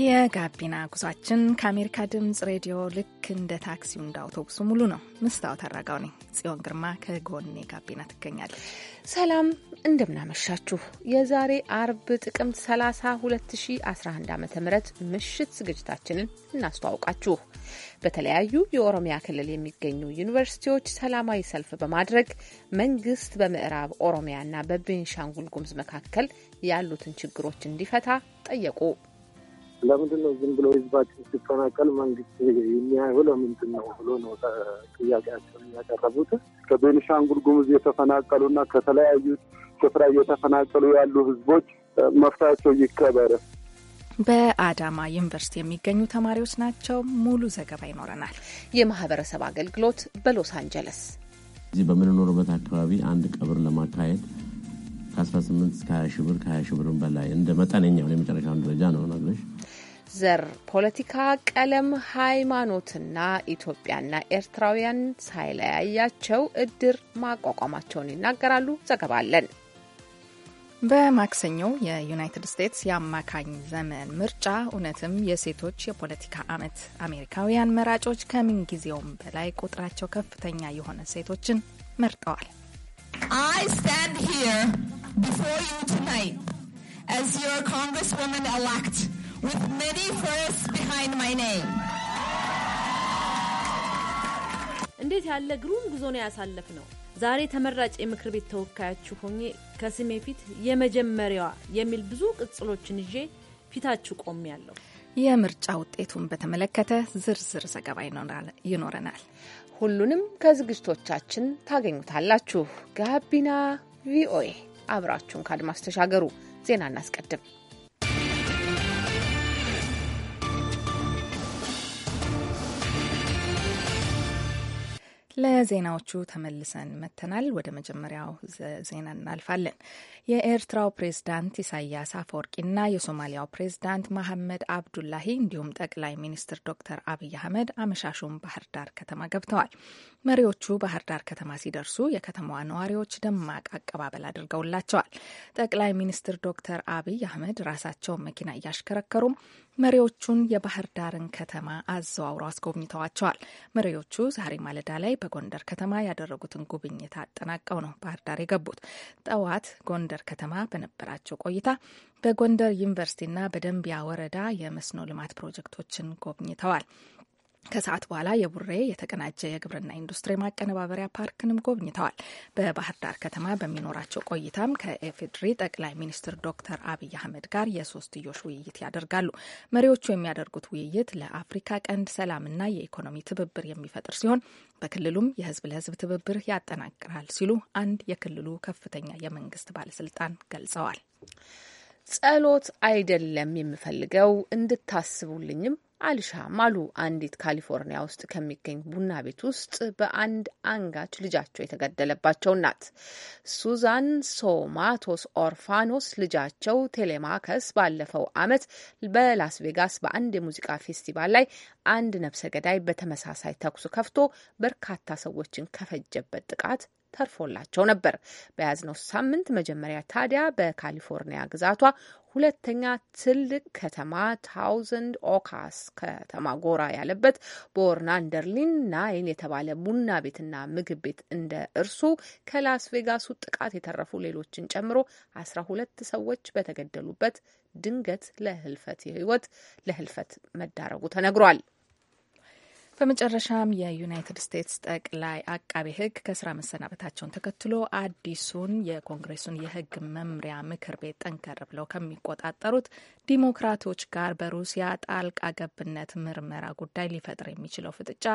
የጋቢና ጉዟችን ከአሜሪካ ድምፅ ሬዲዮ ልክ እንደ ታክሲው እንደ አውቶቡሱ ሙሉ ነው። መስታወት አራጋው ነኝ። ጽዮን ግርማ ከጎኔ ጋቢና ትገኛለች። ሰላም እንደምናመሻችሁ። የዛሬ አርብ ጥቅምት 30 2011 ዓ ም ምሽት ዝግጅታችንን እናስተዋውቃችሁ። በተለያዩ የኦሮሚያ ክልል የሚገኙ ዩኒቨርሲቲዎች ሰላማዊ ሰልፍ በማድረግ መንግስት በምዕራብ ኦሮሚያና በቤንሻንጉል ጉሙዝ መካከል ያሉትን ችግሮች እንዲፈታ ጠየቁ። ለምንድን ነው ዝም ብሎ ህዝባችን ሲፈናቀል መንግስት የሚያየው ለምንድን ነው ብሎ ነው ጥያቄያቸውን ያቀረቡት። ከቤኒሻንጉል ጉሙዝ እና ከተለያዩ ስፍራ እየተፈናቀሉ ያሉ ህዝቦች መፍታቸው ይከበር። በአዳማ ዩኒቨርሲቲ የሚገኙ ተማሪዎች ናቸው። ሙሉ ዘገባ ይኖረናል። የማህበረሰብ አገልግሎት በሎስ አንጀለስ በምንኖርበት አካባቢ አንድ ቀብር ለማካሄድ ከ18 እስከ 20 ሺህ ብር ከ20 ሺህ ብር በላይ እንደ መጠነኛው የመጨረሻውን ደረጃ ነው ነግረሽ ዘር፣ ፖለቲካ፣ ቀለም፣ ሃይማኖትና ኢትዮጵያና ኤርትራውያን ሳይለያያቸው እድር ማቋቋማቸውን ይናገራሉ። ዘገባለን። አለን። በማክሰኞው የዩናይትድ ስቴትስ የአማካኝ ዘመን ምርጫ እውነትም የሴቶች የፖለቲካ ዓመት አሜሪካውያን መራጮች ከምንጊዜውም በላይ ቁጥራቸው ከፍተኛ የሆነ ሴቶችን መርጠዋል። before you tonight as your Congresswoman elect with many firsts behind my name. እንዴት ያለ ግሩም ጉዞ ነው ያሳለፍ ነው። ዛሬ ተመራጭ የምክር ቤት ተወካያችሁ ሆኜ ከስሜ ፊት የመጀመሪያዋ የሚል ብዙ ቅጽሎችን ይዤ ፊታችሁ ቆም ያለው የምርጫ ውጤቱን በተመለከተ ዝርዝር ዘገባ ይኖረናል። ሁሉንም ከዝግጅቶቻችን ታገኙታላችሁ። ጋቢና ቪኦኤ አብራችሁን ከአድማስ ተሻገሩ። ዜና እናስቀድም። ለዜናዎቹ ተመልሰን መጥተናል። ወደ መጀመሪያው ዜና እናልፋለን። የኤርትራው ፕሬዝዳንት ኢሳያስ አፈወርቂና የሶማሊያው ፕሬዝዳንት መሐመድ አብዱላሂ እንዲሁም ጠቅላይ ሚኒስትር ዶክተር አብይ አህመድ አመሻሹን ባህር ዳር ከተማ ገብተዋል። መሪዎቹ ባህር ዳር ከተማ ሲደርሱ የከተማዋ ነዋሪዎች ደማቅ አቀባበል አድርገውላቸዋል። ጠቅላይ ሚኒስትር ዶክተር አብይ አህመድ ራሳቸውን መኪና እያሽከረከሩም መሪዎቹን የባህር ዳርን ከተማ አዘዋውረው አስጎብኝተዋቸዋል። መሪዎቹ ዛሬ ማለዳ ላይ በጎንደር ከተማ ያደረጉትን ጉብኝት አጠናቀው ነው ባህር ዳር የገቡት። ጠዋት ጎንደር ከተማ በነበራቸው ቆይታ በጎንደር ዩኒቨርሲቲና በደንቢያ ወረዳ የመስኖ ልማት ፕሮጀክቶችን ጎብኝተዋል። ከሰዓት በኋላ የቡሬ የተቀናጀ የግብርና ኢንዱስትሪ ማቀነባበሪያ ፓርክንም ጎብኝተዋል። በባህር ዳር ከተማ በሚኖራቸው ቆይታም ከኤፌድሪ ጠቅላይ ሚኒስትር ዶክተር አብይ አህመድ ጋር የሶስትዮሽ ውይይት ያደርጋሉ። መሪዎቹ የሚያደርጉት ውይይት ለአፍሪካ ቀንድ ሰላምና የኢኮኖሚ ትብብር የሚፈጥር ሲሆን በክልሉም የህዝብ ለህዝብ ትብብር ያጠናቅራል ሲሉ አንድ የክልሉ ከፍተኛ የመንግስት ባለስልጣን ገልጸዋል። ጸሎት አይደለም የምፈልገው እንድታስቡልኝም አልሻም አሉ አንዲት ካሊፎርኒያ ውስጥ ከሚገኝ ቡና ቤት ውስጥ በአንድ አንጋች ልጃቸው የተገደለባቸው ናት። ሱዛን ሶማቶስ ኦርፋኖስ ልጃቸው ቴሌማከስ ባለፈው ዓመት በላስ ቬጋስ በአንድ የሙዚቃ ፌስቲቫል ላይ አንድ ነፍሰ ገዳይ በተመሳሳይ ተኩስ ከፍቶ በርካታ ሰዎችን ከፈጀበት ጥቃት ተርፎላቸው ነበር። በያዝነው ሳምንት መጀመሪያ ታዲያ በካሊፎርኒያ ግዛቷ ሁለተኛ ትልቅ ከተማ ታውዘንድ ኦካስ ከተማ ጎራ ያለበት በኦርናንደርሊን ናይን የተባለ ቡና ቤትና ምግብ ቤት እንደ እርሱ ከላስ ቬጋሱ ጥቃት የተረፉ ሌሎችን ጨምሮ አስራ ሁለት ሰዎች በተገደሉበት ድንገት ለህልፈት ህይወት ለህልፈት መዳረጉ ተነግሯል። በመጨረሻም የዩናይትድ ስቴትስ ጠቅላይ አቃቤ ሕግ ከስራ መሰናበታቸውን ተከትሎ አዲሱን የኮንግሬሱን የሕግ መምሪያ ምክር ቤት ጠንከር ብለው ከሚቆጣጠሩት ዲሞክራቶች ጋር በሩሲያ ጣልቃ ገብነት ምርመራ ጉዳይ ሊፈጥር የሚችለው ፍጥጫ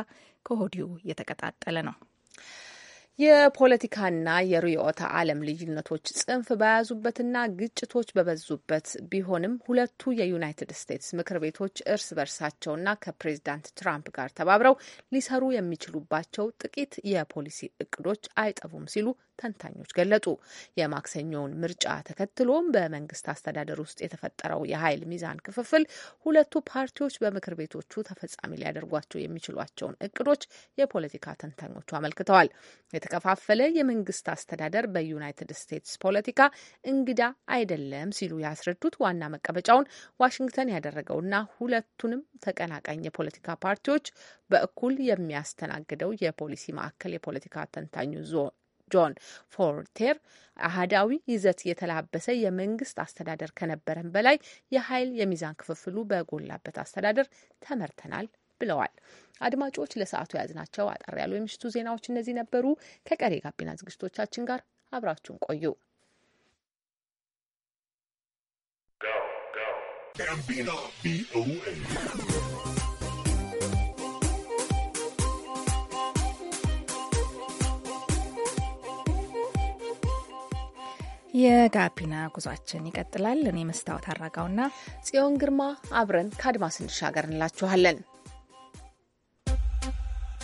ከሆዲው እየተቀጣጠለ ነው። የፖለቲካና የርዕዮተ ዓለም ልዩነቶች ጽንፍ በያዙበትና ግጭቶች በበዙበት ቢሆንም ሁለቱ የዩናይትድ ስቴትስ ምክር ቤቶች እርስ በርሳቸውና ከፕሬዚዳንት ትራምፕ ጋር ተባብረው ሊሰሩ የሚችሉባቸው ጥቂት የፖሊሲ እቅዶች አይጠፉም ሲሉ ተንታኞች ገለጹ። የማክሰኞውን ምርጫ ተከትሎም በመንግስት አስተዳደር ውስጥ የተፈጠረው የኃይል ሚዛን ክፍፍል ሁለቱ ፓርቲዎች በምክር ቤቶቹ ተፈጻሚ ሊያደርጓቸው የሚችሏቸውን እቅዶች የፖለቲካ ተንታኞቹ አመልክተዋል። የተከፋፈለ የመንግስት አስተዳደር በዩናይትድ ስቴትስ ፖለቲካ እንግዳ አይደለም ሲሉ ያስረዱት ዋና መቀመጫውን ዋሽንግተን ያደረገውና ሁለቱንም ተቀናቃኝ የፖለቲካ ፓርቲዎች በእኩል የሚያስተናግደው የፖሊሲ ማዕከል የፖለቲካ ተንታኙ ዞን ጆን ፎርቴር አህዳዊ ይዘት የተላበሰ የመንግስት አስተዳደር ከነበረን በላይ የኃይል የሚዛን ክፍፍሉ በጎላበት አስተዳደር ተመርተናል ብለዋል። አድማጮች ለሰዓቱ የያዝናቸው አጠር ያሉ የምሽቱ ዜናዎች እነዚህ ነበሩ። ከቀሪ ጋቢና ዝግጅቶቻችን ጋር አብራችሁን ቆዩ። የጋቢና ጉዟችን ይቀጥላል። እኔ መስታወት አራጋውና ጽዮን ግርማ አብረን ከአድማስ እንሻገር እንላችኋለን።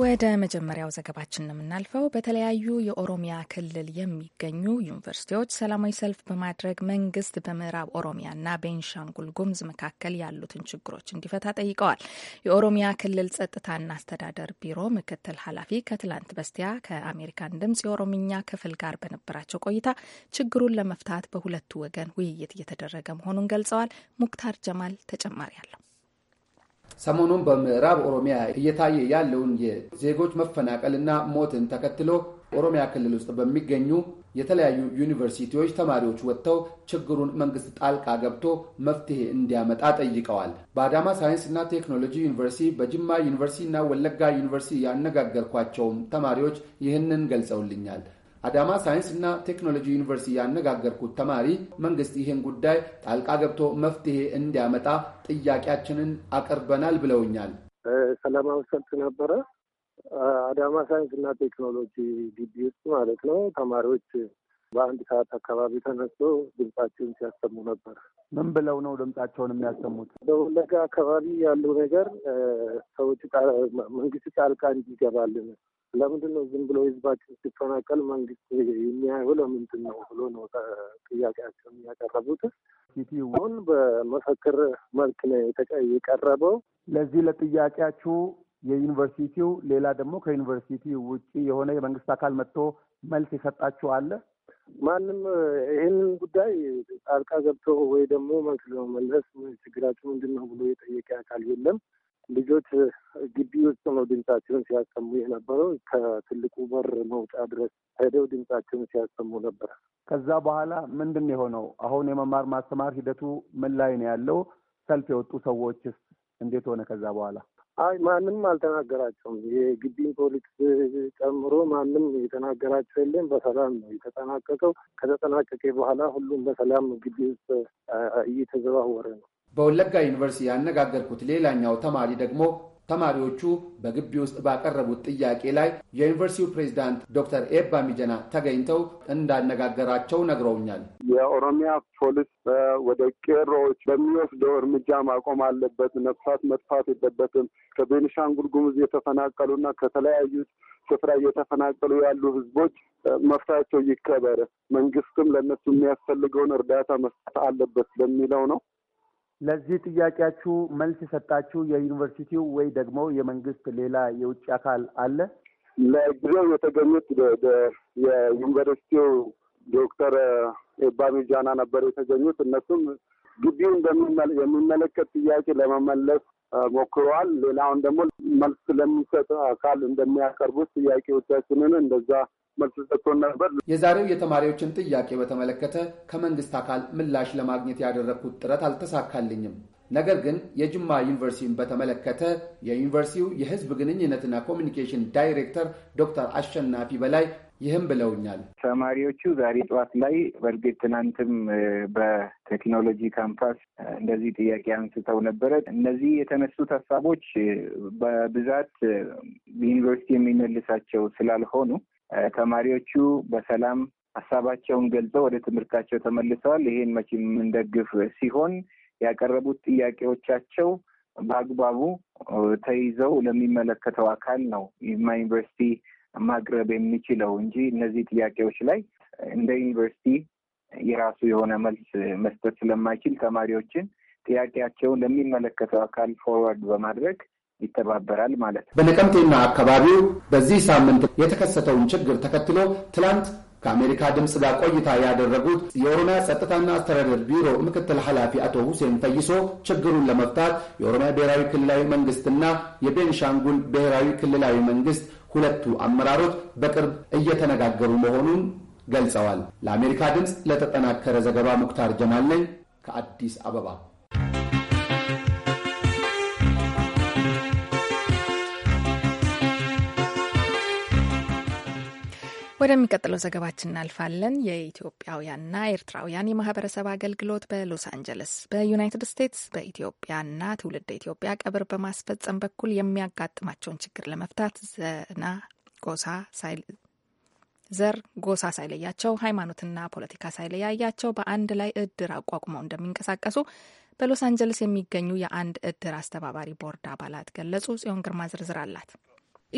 ወደ መጀመሪያው ዘገባችን የምናልፈው። በተለያዩ የኦሮሚያ ክልል የሚገኙ ዩኒቨርሲቲዎች ሰላማዊ ሰልፍ በማድረግ መንግስት በምዕራብ ኦሮሚያና ቤንሻንጉል ጉምዝ መካከል ያሉትን ችግሮች እንዲፈታ ጠይቀዋል። የኦሮሚያ ክልል ጸጥታና አስተዳደር ቢሮ ምክትል ኃላፊ ከትላንት በስቲያ ከአሜሪካን ድምጽ የኦሮምኛ ክፍል ጋር በነበራቸው ቆይታ ችግሩን ለመፍታት በሁለቱ ወገን ውይይት እየተደረገ መሆኑን ገልጸዋል። ሙክታር ጀማል ተጨማሪ አለው። ሰሞኑን በምዕራብ ኦሮሚያ እየታየ ያለውን የዜጎች መፈናቀልና ሞትን ተከትሎ ኦሮሚያ ክልል ውስጥ በሚገኙ የተለያዩ ዩኒቨርሲቲዎች ተማሪዎች ወጥተው ችግሩን መንግስት ጣልቃ ገብቶ መፍትሄ እንዲያመጣ ጠይቀዋል። በአዳማ ሳይንስና ቴክኖሎጂ ዩኒቨርሲቲ፣ በጅማ ዩኒቨርሲቲ እና ወለጋ ዩኒቨርሲቲ ያነጋገርኳቸውም ተማሪዎች ይህንን ገልጸውልኛል። አዳማ ሳይንስና ቴክኖሎጂ ዩኒቨርሲቲ ያነጋገርኩት ተማሪ መንግስት ይህን ጉዳይ ጣልቃ ገብቶ መፍትሄ እንዲያመጣ ጥያቄያችንን አቅርበናል ብለውኛል። ሰላማዊ ሰልፍ ነበረ አዳማ እና ቴክኖሎጂ ግቢ ውስጥ ማለት ነው። ተማሪዎች በአንድ ሰዓት አካባቢ ተነስቶ ድምጻቸውን ሲያሰሙ ነበር። ምን ብለው ነው ድምጻቸውን የሚያሰሙት? በወለጋ አካባቢ ያለው ነገር ሰዎች መንግስት ጣልቃ እንዲገባልን ለምንድን ነው ዝም ብሎ ህዝባችን ሲፈናቀል መንግስት የሚያዩ ለምንድን ነው ብሎ ነው ጥያቄያቸውን ያቀረቡት። አሁን በመፈክር መልክ ነው የቀረበው። ለዚህ ለጥያቄያችሁ የዩኒቨርሲቲው ሌላ ደግሞ ከዩኒቨርሲቲ ውጭ የሆነ የመንግስት አካል መጥቶ መልስ የሰጣችሁ አለ? ማንም ይህንን ጉዳይ ጣልቃ ገብቶ ወይ ደግሞ መልስ ለመመለስ ችግራችሁ ምንድን ነው ብሎ የጠየቀ አካል የለም። ልጆች ግቢ ውስጥ ነው ድምጻቸውን ሲያሰሙ የነበረው። ከትልቁ በር መውጫ ድረስ ሄደው ድምጻቸውን ሲያሰሙ ነበር። ከዛ በኋላ ምንድን የሆነው? አሁን የመማር ማስተማር ሂደቱ ምን ላይ ነው ያለው? ሰልፍ የወጡ ሰዎችስ እንዴት ሆነ? ከዛ በኋላ አይ ማንም አልተናገራቸውም። የግቢን ፖሊስ ጨምሮ ማንም የተናገራቸው የለም። በሰላም ነው የተጠናቀቀው። ከተጠናቀቀ በኋላ ሁሉም በሰላም ግቢ ውስጥ እየተዘዋወረ ነው። በወለጋ ዩኒቨርሲቲ ያነጋገርኩት ሌላኛው ተማሪ ደግሞ ተማሪዎቹ በግቢ ውስጥ ባቀረቡት ጥያቄ ላይ የዩኒቨርሲቲው ፕሬዚዳንት ዶክተር ኤባ ሚጀና ተገኝተው እንዳነጋገራቸው ነግረውኛል። የኦሮሚያ ፖሊስ ወደ ቄሮዎች በሚወስደው እርምጃ ማቆም አለበት፣ ነፍሳት መጥፋት የለበትም። ከቤኒሻንጉል ጉሙዝ የተፈናቀሉና ከተለያዩ ስፍራ እየተፈናቀሉ ያሉ ህዝቦች መፍታቸው ይከበር፣ መንግስትም ለእነሱ የሚያስፈልገውን እርዳታ መስጠት አለበት በሚለው ነው ለዚህ ጥያቄያችሁ መልስ የሰጣችሁ የዩኒቨርሲቲው ወይ ደግሞ የመንግስት ሌላ የውጭ አካል አለ? ለጊዜው የተገኙት የዩኒቨርሲቲው ዶክተር ኤባ ሚጃና ነበር የተገኙት። እነሱም ግቢውን የሚመለከት ጥያቄ ለመመለስ ሞክረዋል። ሌላውን ደግሞ መልስ ለሚሰጥ አካል እንደሚያቀርቡት ጥያቄዎቻችንን እንደዛ መልስ ሰጥቶን ነበር። የዛሬው የተማሪዎችን ጥያቄ በተመለከተ ከመንግስት አካል ምላሽ ለማግኘት ያደረግኩት ጥረት አልተሳካልኝም። ነገር ግን የጅማ ዩኒቨርሲቲን በተመለከተ የዩኒቨርሲቲው የህዝብ ግንኙነትና ኮሚኒኬሽን ዳይሬክተር ዶክተር አሸናፊ በላይ ይህም ብለውኛል። ተማሪዎቹ ዛሬ ጠዋት ላይ በእርግጥ ትናንትም በቴክኖሎጂ ካምፓስ እንደዚህ ጥያቄ አንስተው ነበረ። እነዚህ የተነሱት ሀሳቦች በብዛት ዩኒቨርሲቲ የሚመልሳቸው ስላልሆኑ ተማሪዎቹ በሰላም ሀሳባቸውን ገልጸው ወደ ትምህርታቸው ተመልሰዋል። ይህን መቼም የምንደግፍ ሲሆን ያቀረቡት ጥያቄዎቻቸው በአግባቡ ተይዘው ለሚመለከተው አካል ነው ማ ዩኒቨርሲቲ ማቅረብ የሚችለው እንጂ እነዚህ ጥያቄዎች ላይ እንደ ዩኒቨርሲቲ የራሱ የሆነ መልስ መስጠት ስለማይችል ተማሪዎችን ጥያቄያቸውን ለሚመለከተው አካል ፎርዋርድ በማድረግ ይተባበራል ማለት ነው። በነቀምቴና አካባቢው በዚህ ሳምንት የተከሰተውን ችግር ተከትሎ ትላንት ከአሜሪካ ድምፅ ጋር ቆይታ ያደረጉት የኦሮሚያ ጸጥታና አስተዳደር ቢሮ ምክትል ኃላፊ አቶ ሁሴን ፈይሶ ችግሩን ለመፍታት የኦሮሚያ ብሔራዊ ክልላዊ መንግስትና የቤንሻንጉል ብሔራዊ ክልላዊ መንግስት ሁለቱ አመራሮች በቅርብ እየተነጋገሩ መሆኑን ገልጸዋል። ለአሜሪካ ድምፅ ለተጠናከረ ዘገባ ሙክታር ጀማል ነኝ ከአዲስ አበባ። ወደሚቀጥለው ዘገባችን እናልፋለን። የኢትዮጵያውያንና ኤርትራውያን የማህበረሰብ አገልግሎት በሎስ አንጀለስ በዩናይትድ ስቴትስ በኢትዮጵያና ትውልድ ኢትዮጵያ ቀብር በማስፈጸም በኩል የሚያጋጥማቸውን ችግር ለመፍታት ዘና ጎሳ ዘር ጎሳ ሳይለያቸው ሃይማኖትና ፖለቲካ ሳይለያያቸው በአንድ ላይ እድር አቋቁመው እንደሚንቀሳቀሱ በሎስ አንጀለስ የሚገኙ የአንድ እድር አስተባባሪ ቦርድ አባላት ገለጹ። ጽዮን ግርማ ዝርዝር አላት።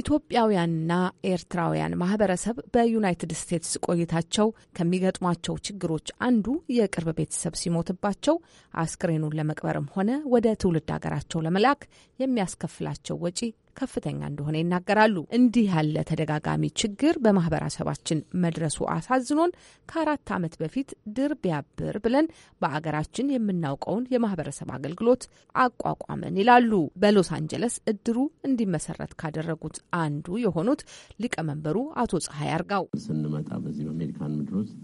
ኢትዮጵያውያንና ኤርትራውያን ማህበረሰብ በዩናይትድ ስቴትስ ቆይታቸው ከሚገጥሟቸው ችግሮች አንዱ የቅርብ ቤተሰብ ሲሞትባቸው አስክሬኑን ለመቅበርም ሆነ ወደ ትውልድ ሀገራቸው ለመላክ የሚያስከፍላቸው ወጪ ከፍተኛ እንደሆነ ይናገራሉ። እንዲህ ያለ ተደጋጋሚ ችግር በማህበረሰባችን መድረሱ አሳዝኖን ከአራት ዓመት በፊት ድር ቢያብር ብለን በአገራችን የምናውቀውን የማህበረሰብ አገልግሎት አቋቋመን ይላሉ። በሎስ አንጀለስ እድሩ እንዲመሰረት ካደረጉት አንዱ የሆኑት ሊቀመንበሩ አቶ ፀሐይ አርጋው ስንመጣ በዚህ በአሜሪካን ምድር ውስጥ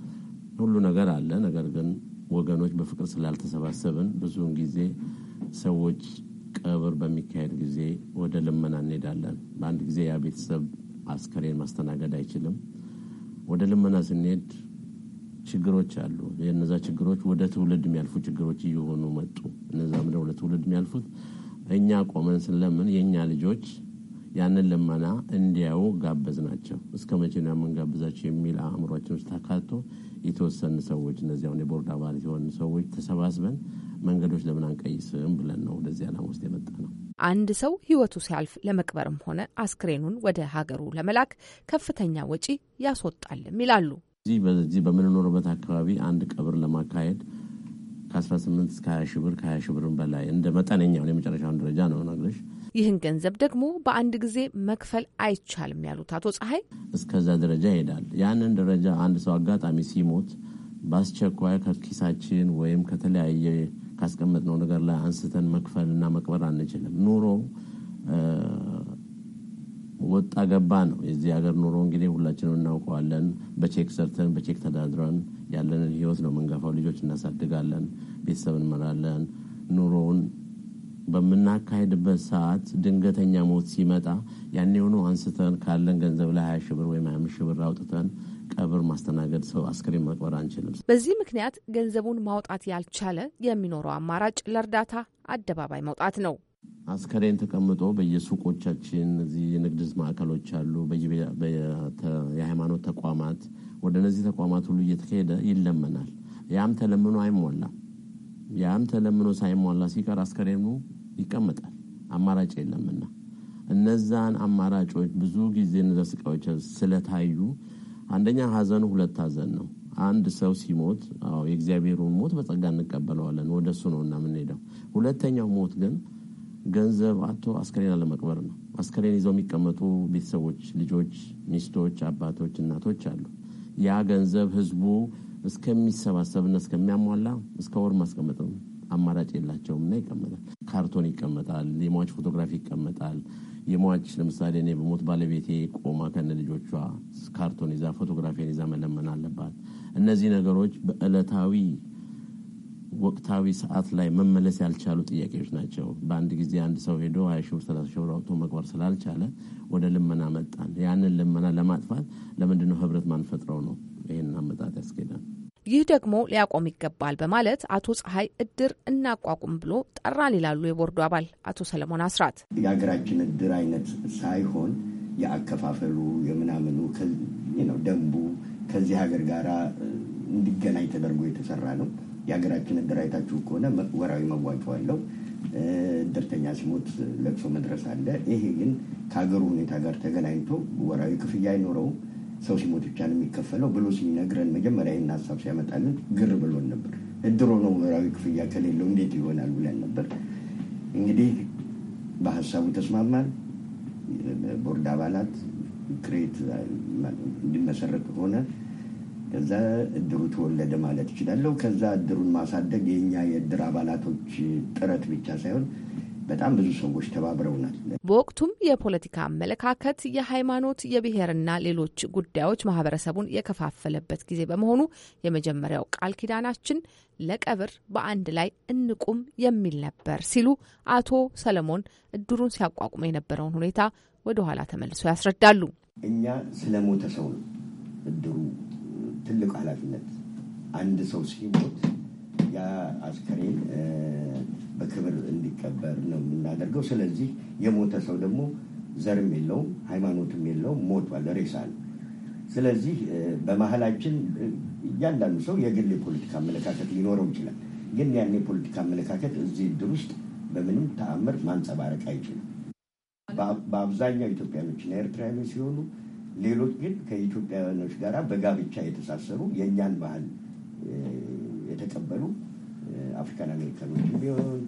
ሁሉ ነገር አለ። ነገር ግን ወገኖች በፍቅር ስላልተሰባሰብን ብዙውን ጊዜ ሰዎች ቀብር በሚካሄድ ጊዜ ወደ ልመና እንሄዳለን። በአንድ ጊዜ ያ ቤተሰብ አስከሬን ማስተናገድ አይችልም። ወደ ልመና ስንሄድ ችግሮች አሉ። የነዛ ችግሮች ወደ ትውልድ የሚያልፉ ችግሮች እየሆኑ መጡ። እነዛም ወደ ትውልድ የሚያልፉት እኛ ቆመን ስለምን የእኛ ልጆች ያንን ልመና እንዲያዩ ጋበዝ ናቸው። እስከ መቼ ነው የምንጋብዛቸው የሚል አእምሯችን ውስጥ ተካቶ የተወሰኑ ሰዎች እነዚያሁን የቦርድ አባል የሆኑ ሰዎች ተሰባስበን መንገዶች ለምን አንቀይስም ብለን ነው ወደዚህ ዓላማ ውስጥ የመጣ ነው። አንድ ሰው ሕይወቱ ሲያልፍ ለመቅበርም ሆነ አስክሬኑን ወደ ሀገሩ ለመላክ ከፍተኛ ወጪ ያስወጣልም ይላሉ። እዚህ በዚህ በምንኖርበት አካባቢ አንድ ቀብር ለማካሄድ ከ18 እስከ 20 ሺህ ብር ከ20 ሺህ ብር በላይ እንደ መጠነኛ የመጨረሻውን ደረጃ ነው ነግረሽ ይህን ገንዘብ ደግሞ በአንድ ጊዜ መክፈል አይቻልም ያሉት አቶ ፀሐይ እስከዛ ደረጃ ይሄዳል። ያንን ደረጃ አንድ ሰው አጋጣሚ ሲሞት በአስቸኳይ ከኪሳችን ወይም ከተለያየ ካስቀመጥነው ነገር ላይ አንስተን መክፈል እና መቅበር አንችልም። ኑሮ ወጣ ገባ ነው። የዚህ ሀገር ኑሮ እንግዲህ ሁላችንም እናውቀዋለን። በቼክ ሰርተን በቼክ ተዳድረን ያለንን ህይወት ነው የምንገፋው። ልጆች እናሳድጋለን፣ ቤተሰብ እንመራለን፣ ኑሮውን በምናካሄድበት ሰዓት ድንገተኛ ሞት ሲመጣ ያኔ የሆኑ አንስተን ካለን ገንዘብ ላይ ሀያ ሺህ ብር ወይም ሀያ አምስት ሺህ ብር አውጥተን ቀብር ማስተናገድ ሰው አስክሬን መቅበር አንችልም። በዚህ ምክንያት ገንዘቡን ማውጣት ያልቻለ የሚኖረው አማራጭ ለእርዳታ አደባባይ መውጣት ነው። አስከሬን ተቀምጦ በየሱቆቻችን እዚህ የንግድ ማዕከሎች አሉ፣ የሃይማኖት ተቋማት ወደ እነዚህ ተቋማት ሁሉ እየተካሄደ ይለመናል። ያም ተለምኖ አይሟላም። ያም ተለምኖ ሳይሟላ ሲቀር አስከሬኑ ይቀመጣል። አማራጭ የለምና እነዛን አማራጮች ብዙ ጊዜ እነዛ ስቃዮች ስለታዩ አንደኛ ሀዘኑ ሁለት ሀዘን ነው። አንድ ሰው ሲሞት የእግዚአብሔሩን ሞት በጸጋ እንቀበለዋለን፣ ወደ እሱ ነው እና የምንሄደው። ሁለተኛው ሞት ግን ገንዘብ አቶ አስከሬን አለመቅበር ነው። አስከሬን ይዘው የሚቀመጡ ቤተሰቦች፣ ልጆች፣ ሚስቶች፣ አባቶች፣ እናቶች አሉ። ያ ገንዘብ ህዝቡ እስከሚሰባሰብና እስከሚያሟላ እስከ ወር ማስቀመጥ ነው። አማራጭ የላቸውም እና ይቀመጣል። ካርቶን ይቀመጣል፣ የሟች ፎቶግራፊ ይቀመጣል። የሟች ለምሳሌ እኔ በሞት ባለቤቴ ቆማ ከነ ልጆቿ ካርቶን ይዛ ፎቶግራፊን ይዛ መለመን አለባት። እነዚህ ነገሮች በእለታዊ ወቅታዊ ሰዓት ላይ መመለስ ያልቻሉ ጥያቄዎች ናቸው። በአንድ ጊዜ አንድ ሰው ሄዶ ሀያ ሺህ ብር ሰላሳ ሺህ ብር አውጥቶ መግባር ስላልቻለ ወደ ልመና መጣን። ያንን ልመና ለማጥፋት ለምንድነው ህብረት ማንፈጥረው ነው ይህን አመጣት ያስኬዳል። ይህ ደግሞ ሊያቆም ይገባል በማለት አቶ ፀሐይ እድር እናቋቁም ብሎ ጠራን ይላሉ የቦርዱ አባል አቶ ሰለሞን አስራት። የሀገራችን እድር አይነት ሳይሆን የአከፋፈሉ የምናምኑ ደንቡ ከዚህ ሀገር ጋር እንዲገናኝ ተደርጎ የተሰራ ነው። የሀገራችን እድር አይታችሁ ከሆነ ወራዊ መዋጮ አለው። እድርተኛ ሲሞት ለቅሶ መድረስ አለ። ይሄ ግን ከሀገሩ ሁኔታ ጋር ተገናኝቶ ወራዊ ክፍያ አይኖረውም። ሰው ሲሞት ብቻ ነው የሚከፈለው ብሎ ሲነግረን መጀመሪያ ይህን ሀሳብ ሲያመጣልን ግር ብሎን ነበር። እድሮ ነው ብሔራዊ ክፍያ ከሌለው እንዴት ይሆናል ብለን ነበር። እንግዲህ በሀሳቡ ተስማማል። ቦርድ አባላት ክሬት እንዲመሰረት ሆነ። ከዛ እድሩ ተወለደ ማለት እችላለሁ። ከዛ እድሩን ማሳደግ የኛ የእድር አባላቶች ጥረት ብቻ ሳይሆን በጣም ብዙ ሰዎች ተባብረውናል። በወቅቱም የፖለቲካ አመለካከት፣ የሃይማኖት፣ የብሔርና ሌሎች ጉዳዮች ማህበረሰቡን የከፋፈለበት ጊዜ በመሆኑ የመጀመሪያው ቃል ኪዳናችን ለቀብር በአንድ ላይ እንቁም የሚል ነበር ሲሉ አቶ ሰለሞን እድሩን ሲያቋቁመ የነበረውን ሁኔታ ወደ ኋላ ተመልሶ ያስረዳሉ። እኛ ስለ ሞተ ሰው ነው እድሩ ትልቅ ኃላፊነት አንድ ሰው ሲሞት ያ አስከሬን በክብር እንዲቀበር ነው የምናደርገው። ስለዚህ የሞተ ሰው ደግሞ ዘርም የለውም ሃይማኖትም የለውም፣ ሞቷል፣ ሬሳ ነው። ስለዚህ በመሀላችን እያንዳንዱ ሰው የግል የፖለቲካ አመለካከት ሊኖረው ይችላል። ግን ያን የፖለቲካ አመለካከት እዚህ እድር ውስጥ በምንም ተአምር ማንጸባረቅ አይችልም። በአብዛኛው ኢትዮጵያኖችና ኤርትራያኖች ሲሆኑ፣ ሌሎች ግን ከኢትዮጵያኖች ጋር በጋብቻ የተሳሰሩ የእኛን ባህል የተቀበሉ አፍሪካን አሜሪካኖችም ቢሆን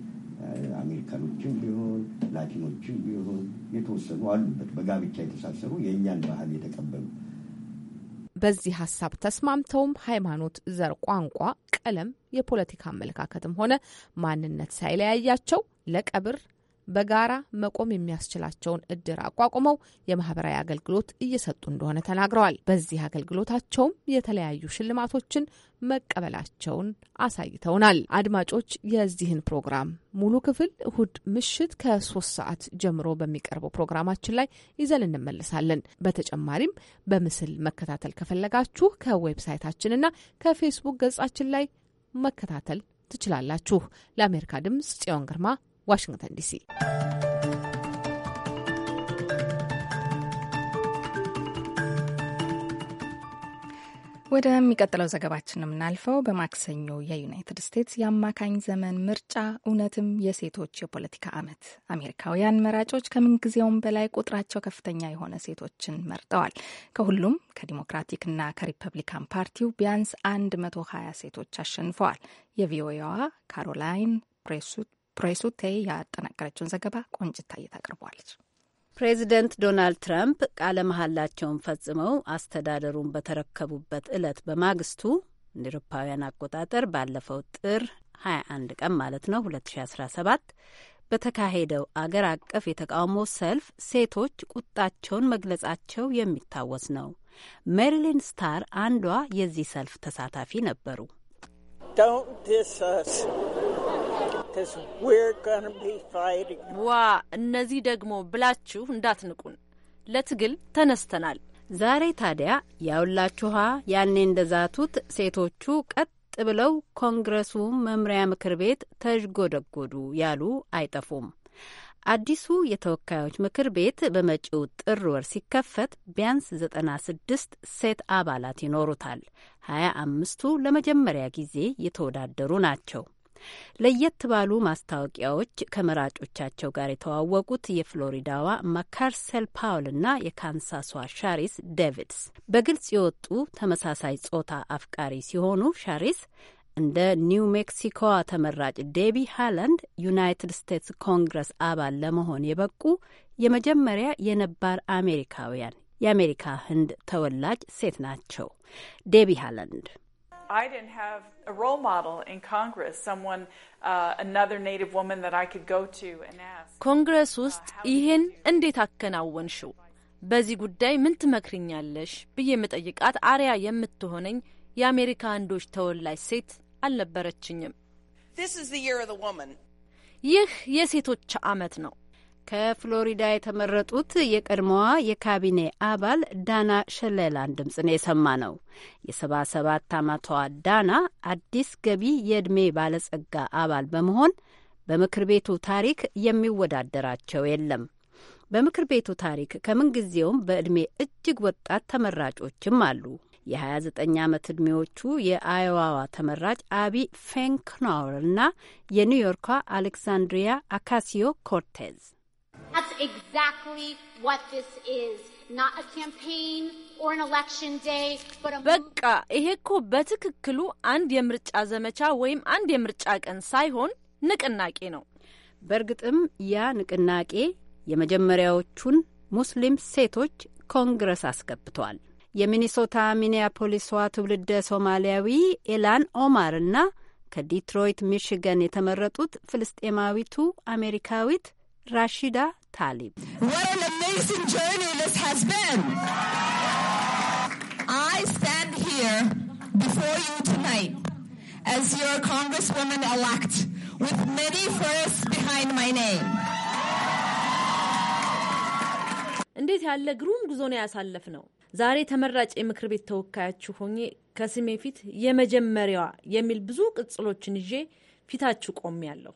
አሜሪካኖችም ቢሆን ላቲኖችም ቢሆን የተወሰኑ አሉበት በጋብቻ የተሳሰሩ የእኛን ባህል የተቀበሉ በዚህ ሀሳብ ተስማምተውም ሃይማኖት፣ ዘር፣ ቋንቋ፣ ቀለም፣ የፖለቲካ አመለካከትም ሆነ ማንነት ሳይለያያቸው ለቀብር በጋራ መቆም የሚያስችላቸውን እድር አቋቁመው የማህበራዊ አገልግሎት እየሰጡ እንደሆነ ተናግረዋል። በዚህ አገልግሎታቸውም የተለያዩ ሽልማቶችን መቀበላቸውን አሳይተውናል። አድማጮች የዚህን ፕሮግራም ሙሉ ክፍል እሁድ ምሽት ከሶስት ሰዓት ጀምሮ በሚቀርበው ፕሮግራማችን ላይ ይዘን እንመልሳለን። በተጨማሪም በምስል መከታተል ከፈለጋችሁ ከዌብሳይታችንና ከፌስቡክ ገጻችን ላይ መከታተል ትችላላችሁ። ለአሜሪካ ድምጽ ጽዮን ግርማ ዋሽንግተን ዲሲ። ወደሚቀጥለው ዘገባችን የምናልፈው በማክሰኞ የዩናይትድ ስቴትስ የአማካኝ ዘመን ምርጫ እውነትም የሴቶች የፖለቲካ ዓመት አሜሪካውያን መራጮች ከምንጊዜውም በላይ ቁጥራቸው ከፍተኛ የሆነ ሴቶችን መርጠዋል። ከሁሉም ከዲሞክራቲክና ከሪፐብሊካን ፓርቲው ቢያንስ 120 ሴቶች አሸንፈዋል። የቪኦኤዋ ካሮላይን ፕሬሱ ቴ ያጠናቀረችውን ዘገባ ቆንጭታ ታቀርባለች። ፕሬዚደንት ዶናልድ ትራምፕ ቃለ መሐላቸውን ፈጽመው አስተዳደሩን በተረከቡበት ዕለት በማግስቱ እንደ ኤሮፓውያን አቆጣጠር ባለፈው ጥር 21 ቀን ማለት ነው 2017 በተካሄደው አገር አቀፍ የተቃውሞ ሰልፍ ሴቶች ቁጣቸውን መግለጻቸው የሚታወስ ነው። ሜሪሊን ስታር አንዷ የዚህ ሰልፍ ተሳታፊ ነበሩ። ዋ እነዚህ ደግሞ ብላችሁ እንዳትንቁን፣ ለትግል ተነስተናል። ዛሬ ታዲያ ያውላችኋ ያኔ እንደዛቱት ሴቶቹ ቀጥ ብለው ኮንግረሱ መምሪያ ምክር ቤት ተዥጎደጎዱ ያሉ አይጠፉም። አዲሱ የተወካዮች ምክር ቤት በመጪው ጥር ወር ሲከፈት ቢያንስ 96 ሴት አባላት ይኖሩታል። 25ቱ ለመጀመሪያ ጊዜ የተወዳደሩ ናቸው። ለየት ባሉ ማስታወቂያዎች ከመራጮቻቸው ጋር የተዋወቁት የፍሎሪዳዋ ማካርሰል ፓውል እና የካንሳሷ ሻሪስ ዴቪድስ በግልጽ የወጡ ተመሳሳይ ጾታ አፍቃሪ ሲሆኑ ሻሪስ እንደ ኒው ሜክሲኮዋ ተመራጭ ዴቢ ሃላንድ ዩናይትድ ስቴትስ ኮንግረስ አባል ለመሆን የበቁ የመጀመሪያ የነባር አሜሪካውያን የአሜሪካ ህንድ ተወላጅ ሴት ናቸው። ዴቢ ሃላንድ I didn't have a role model in Congress, someone, uh, another Native woman that I could go to and ask. ኮንግረስ uh, ውስጥ ይሄን እንዴት አከናወንሽው? በዚህ ጉዳይ ምን ትመክርኛለሽ? ብዬ መጠይቃት አሪያ የምትሆነኝ የአሜሪካ አንዶች ተወላጅ ሴት አልነበረችኝም። ይህ የሴቶች ዓመት ነው። ከፍሎሪዳ የተመረጡት የቀድሞዋ የካቢኔ አባል ዳና ሸለላን ድምፅ ነው የሰማ ነው። የሰባ ሰባት ዓመቷ ዳና አዲስ ገቢ የዕድሜ ባለጸጋ አባል በመሆን በምክር ቤቱ ታሪክ የሚወዳደራቸው የለም። በምክር ቤቱ ታሪክ ከምንጊዜውም በዕድሜ እጅግ ወጣት ተመራጮችም አሉ። የ29 ዓመት ዕድሜዎቹ የአዮዋዋ ተመራጭ አቢ ፌንክናውር እና የኒውዮርኳ አሌክሳንድሪያ አካሲዮ ኮርቴዝ That's exactly what this is. Not a campaign or an election day, but a... በቃ ይሄ እኮ በትክክሉ አንድ የምርጫ ዘመቻ ወይም አንድ የምርጫ ቀን ሳይሆን ንቅናቄ ነው። በእርግጥም ያ ንቅናቄ የመጀመሪያዎቹን ሙስሊም ሴቶች ኮንግረስ አስገብቷል። የሚኒሶታ ሚኒያፖሊስዋ ትውልደ ሶማሊያዊ ኤላን ኦማር እና ከዲትሮይት ሚሽገን የተመረጡት ፍልስጤማዊቱ አሜሪካዊት ራሺዳ ታሊብ እንዴት ያለ ግሩም ጉዞ ነው ያሳለፍ ነው። ዛሬ ተመራጭ የምክር ቤት ተወካያችሁ ሆኜ ከስሜ ፊት የመጀመሪያዋ የሚል ብዙ ቅጽሎችን ይዤ ፊታችሁ ያለሁ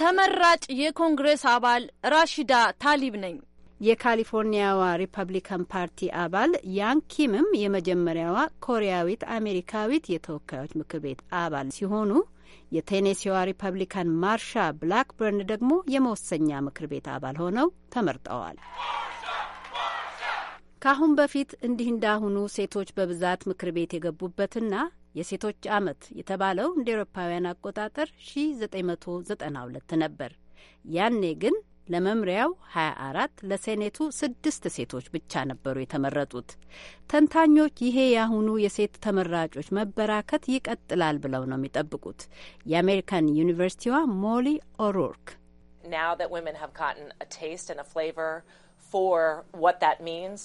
ተመራጭ የኮንግሬስ አባል ራሺዳ ታሊብ ነኝ። የካሊፎርኒያዋ ሪፐብሊካን ፓርቲ አባል ያን ኪምም የመጀመሪያዋ ኮሪያዊት አሜሪካዊት የተወካዮች ምክር ቤት አባል ሲሆኑ የቴኔሲዋ ሪፐብሊካን ማርሻ ብላክበርን ደግሞ የመወሰኛ ምክር ቤት አባል ሆነው ተመርጠዋል። ከአሁን በፊት እንዲህ እንዳሁኑ ሴቶች በብዛት ምክር ቤት የገቡበትና የሴቶች አመት የተባለው እንደ ኤሮፓውያን አቆጣጠር 1992 ነበር። ያኔ ግን ለመምሪያው 24 ለሴኔቱ ስድስት ሴቶች ብቻ ነበሩ የተመረጡት። ተንታኞች ይሄ የአሁኑ የሴት ተመራጮች መበራከት ይቀጥላል ብለው ነው የሚጠብቁት። የአሜሪካን ዩኒቨርሲቲዋ ሞሊ ኦሮርክ now that women have gotten a taste and a flavor for what that means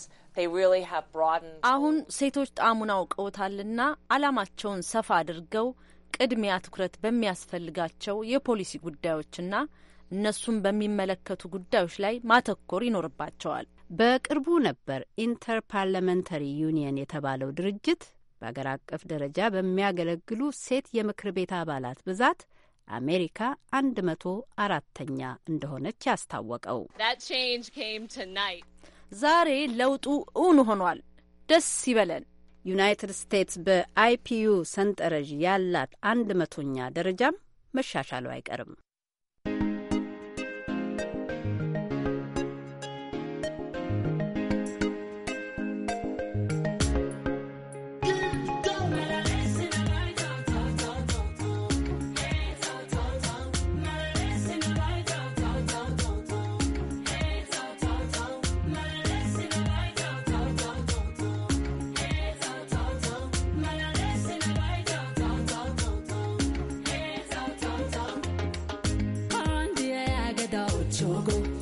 አሁን ሴቶች ጣዕሙን አውቀውታልና ዓላማቸውን ሰፋ አድርገው ቅድሚያ ትኩረት በሚያስፈልጋቸው የፖሊሲ ጉዳዮችና እነሱን በሚመለከቱ ጉዳዮች ላይ ማተኮር ይኖርባቸዋል። በቅርቡ ነበር ኢንተር ፓርላመንተሪ ዩኒየን የተባለው ድርጅት በአገር አቀፍ ደረጃ በሚያገለግሉ ሴት የምክር ቤት አባላት ብዛት አሜሪካ አንድ መቶ አራተኛ እንደሆነች ያስታወቀው። ዛሬ ለውጡ እውን ሆኗል። ደስ ይበለን። ዩናይትድ ስቴትስ በአይፒዩ ሰንጠረዥ ያላት አንድ መቶኛ ደረጃም መሻሻሉ አይቀርም። 조금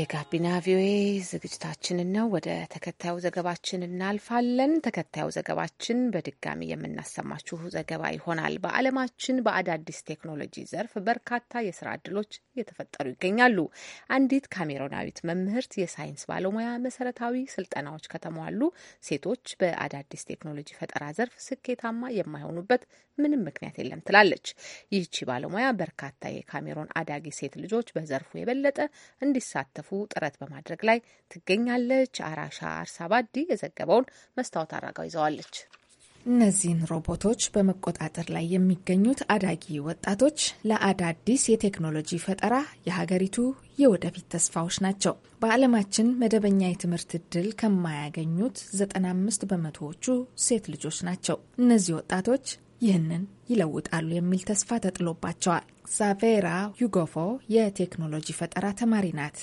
የጋቢና ቪኦኤ ዝግጅታችንን ነው። ወደ ተከታዩ ዘገባችን እናልፋለን። ተከታዩ ዘገባችን በድጋሚ የምናሰማችሁ ዘገባ ይሆናል። በዓለማችን በአዳዲስ ቴክኖሎጂ ዘርፍ በርካታ የስራ እድሎች እየተፈጠሩ ይገኛሉ። አንዲት ካሜሮናዊት መምህርት የሳይንስ ባለሙያ መሰረታዊ ስልጠናዎች ከተሟሉ ሴቶች በአዳዲስ ቴክኖሎጂ ፈጠራ ዘርፍ ስኬታማ የማይሆኑበት ምንም ምክንያት የለም ትላለች። ይህቺ ባለሙያ በርካታ የካሜሮን አዳጊ ሴት ልጆች በዘርፉ የበለጠ እንዲሳተፉ ጥረት በማድረግ ላይ ትገኛለች። አራሻ አርሳባዲ የዘገበውን መስታወት አራጋው ይዘዋለች። እነዚህን ሮቦቶች በመቆጣጠር ላይ የሚገኙት አዳጊ ወጣቶች ለአዳዲስ የቴክኖሎጂ ፈጠራ የሀገሪቱ የወደፊት ተስፋዎች ናቸው። በዓለማችን መደበኛ የትምህርት እድል ከማያገኙት 95 በመቶዎቹ ሴት ልጆች ናቸው። እነዚህ ወጣቶች ይህንን ይለውጣሉ የሚል ተስፋ ተጥሎባቸዋል። ዛቬራ ዩጎፎ የቴክኖሎጂ ፈጠራ ተማሪ ናት።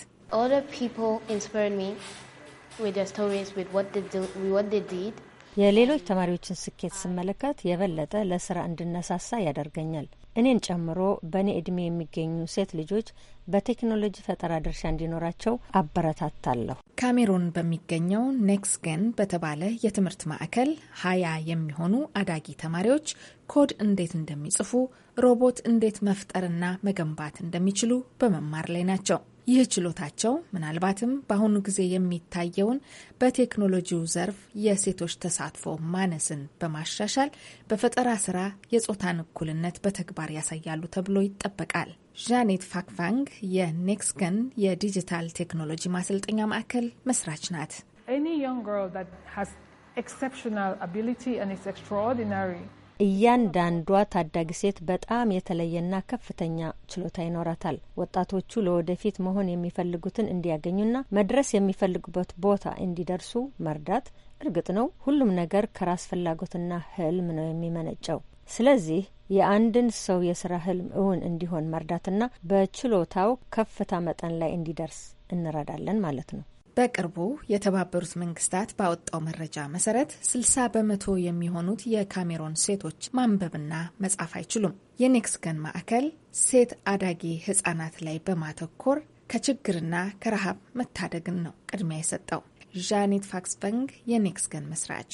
የሌሎች ተማሪዎችን ስኬት ስመለከት የበለጠ ለስራ እንድነሳሳ ያደርገኛል። እኔን ጨምሮ በእኔ እድሜ የሚገኙ ሴት ልጆች በቴክኖሎጂ ፈጠራ ድርሻ እንዲኖራቸው አበረታታለሁ። ካሜሩን በሚገኘው ገን በተባለ የትምህርት ማዕከል ሀያ የሚሆኑ አዳጊ ተማሪዎች ኮድ እንዴት እንደሚጽፉ፣ ሮቦት እንዴት መፍጠርና መገንባት እንደሚችሉ በመማር ላይ ናቸው። ይህ ችሎታቸው ምናልባትም በአሁኑ ጊዜ የሚታየውን በቴክኖሎጂው ዘርፍ የሴቶች ተሳትፎ ማነስን በማሻሻል በፈጠራ ስራ የጾታን እኩልነት በተግባር ያሳያሉ ተብሎ ይጠበቃል። ዣኔት ፋክቫንግ የኔክስገን የዲጂታል ቴክኖሎጂ ማሰልጠኛ ማዕከል መስራች ናት። እያንዳንዷ ታዳጊ ሴት በጣም የተለየና ከፍተኛ ችሎታ ይኖራታል። ወጣቶቹ ለወደፊት መሆን የሚፈልጉትን እንዲያገኙና መድረስ የሚፈልጉበት ቦታ እንዲደርሱ መርዳት። እርግጥ ነው ሁሉም ነገር ከራስ ፍላጎትና ህልም ነው የሚመነጨው። ስለዚህ የአንድን ሰው የስራ ህልም እውን እንዲሆን መርዳትና በችሎታው ከፍታ መጠን ላይ እንዲደርስ እንረዳለን ማለት ነው። በቅርቡ የተባበሩት መንግስታት ባወጣው መረጃ መሰረት 60 በመቶ የሚሆኑት የካሜሮን ሴቶች ማንበብና መጻፍ አይችሉም። የኔክስገን ማዕከል ሴት አዳጊ ህጻናት ላይ በማተኮር ከችግርና ከረሃብ መታደግን ነው ቅድሚያ የሰጠው። ዣኔት ፋክስበንግ የኔክስገን መስራች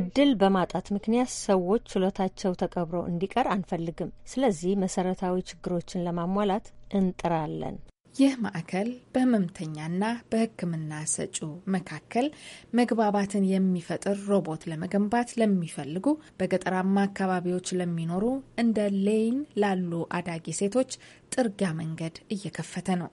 እድል በማጣት ምክንያት ሰዎች ችሎታቸው ተቀብሮ እንዲቀር አንፈልግም። ስለዚህ መሰረታዊ ችግሮችን ለማሟላት እንጥራለን። ይህ ማዕከል በህመምተኛና በሕክምና ሰጪ መካከል መግባባትን የሚፈጥር ሮቦት ለመገንባት ለሚፈልጉ በገጠራማ አካባቢዎች ለሚኖሩ እንደ ሌይን ላሉ አዳጊ ሴቶች ጥርጊያ መንገድ እየከፈተ ነው።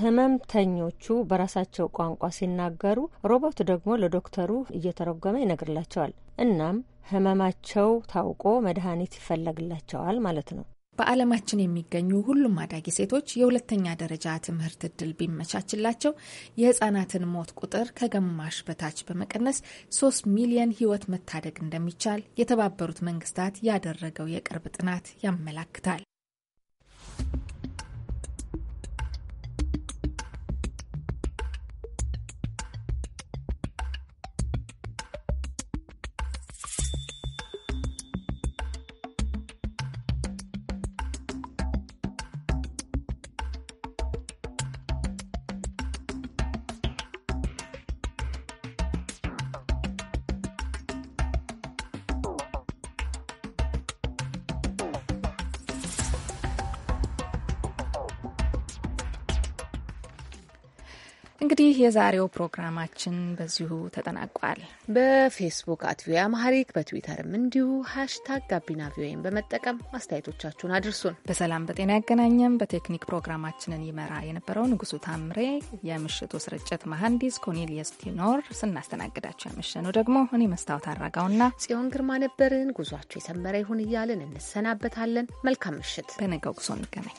ህመምተኞቹ በራሳቸው ቋንቋ ሲናገሩ፣ ሮቦት ደግሞ ለዶክተሩ እየተረጎመ ይነግርላቸዋል። እናም ህመማቸው ታውቆ መድኃኒት ይፈለግላቸዋል ማለት ነው። በዓለማችን የሚገኙ ሁሉም አዳጊ ሴቶች የሁለተኛ ደረጃ ትምህርት እድል ቢመቻችላቸው የህጻናትን ሞት ቁጥር ከግማሽ በታች በመቀነስ ሶስት ሚሊየን ህይወት መታደግ እንደሚቻል የተባበሩት መንግስታት ያደረገው የቅርብ ጥናት ያመላክታል። እንግዲህ የዛሬው ፕሮግራማችን በዚሁ ተጠናቋል። በፌስቡክ አት ቪኦኤ አማሪክ በትዊተርም እንዲሁ ሀሽታግ ጋቢና ቪኦኤን በመጠቀም አስተያየቶቻችሁን አድርሱን። በሰላም በጤና ያገናኘም። በቴክኒክ ፕሮግራማችንን ይመራ የነበረው ንጉሱ ታምሬ፣ የምሽቱ ስርጭት መሐንዲስ ኮኔልየስ ቲኖር፣ ስናስተናግዳቸው ያመሸነው ደግሞ እኔ መስታወት አራጋውና ጽዮን ግርማ ነበርን። ጉዟቸው የሰመረ ይሁን እያልን እንሰናበታለን። መልካም ምሽት። በነገው ጉዞ እንገናኝ።